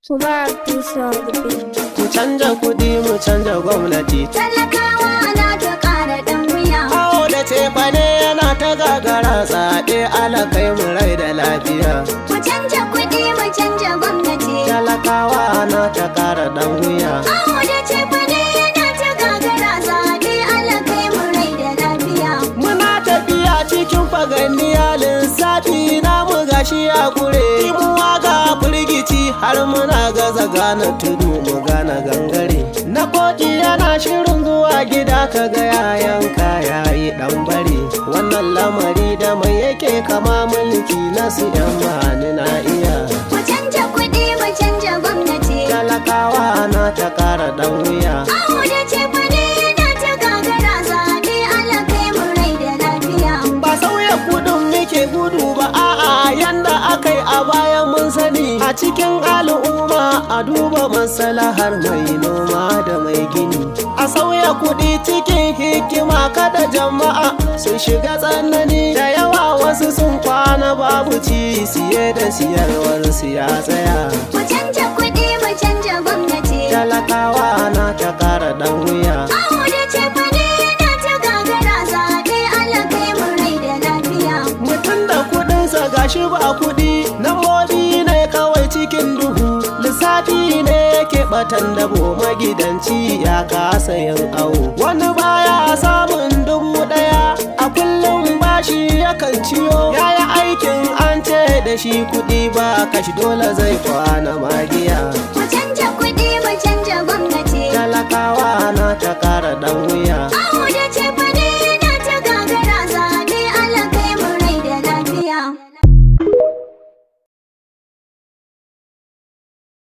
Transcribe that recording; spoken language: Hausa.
Su ba peace of the people. Ku canja kuɗi mu canza gwamnati. Talakawa na ta ƙara ɗan wuya. Awo da cefane yana ta gagara tsaɗe alakai mu rai da lafiya. Mu canza kuɗi mu canza gwamnati. Talakawa na ta ƙara ɗan wuya. Awo da cefane yana ta gagara tsaɗe alakai mu rai da lafiya. Muna tafiya cikin faganniya lissafi na mu gashi a kure. har muna gaza gana tudu mu gangare na koki yana shirin zuwa gida ka ga yayanka yayi dan bare wannan lamari da mai yake kama mulki na su yan ma'ani na cikin al'umma a duba masalahar mai noma da mai gini a sauya kuɗi cikin hikima kada jama'a su shiga tsanani da yawa wasu sun kwana babu ci siye da siyarwar su ya tsaya mu canja kuɗi mu canja gwamnati talakawa shi ne ke batan dabo magidanci ya kasa yin awo wani baya samun dubu daya a kullum bashi yakan ciyo yaya aikin an ce da shi kudi ba kashi dole zai kwana magiya mu canja kudi mu canja gwamnati talakawa na ta kara dan wuya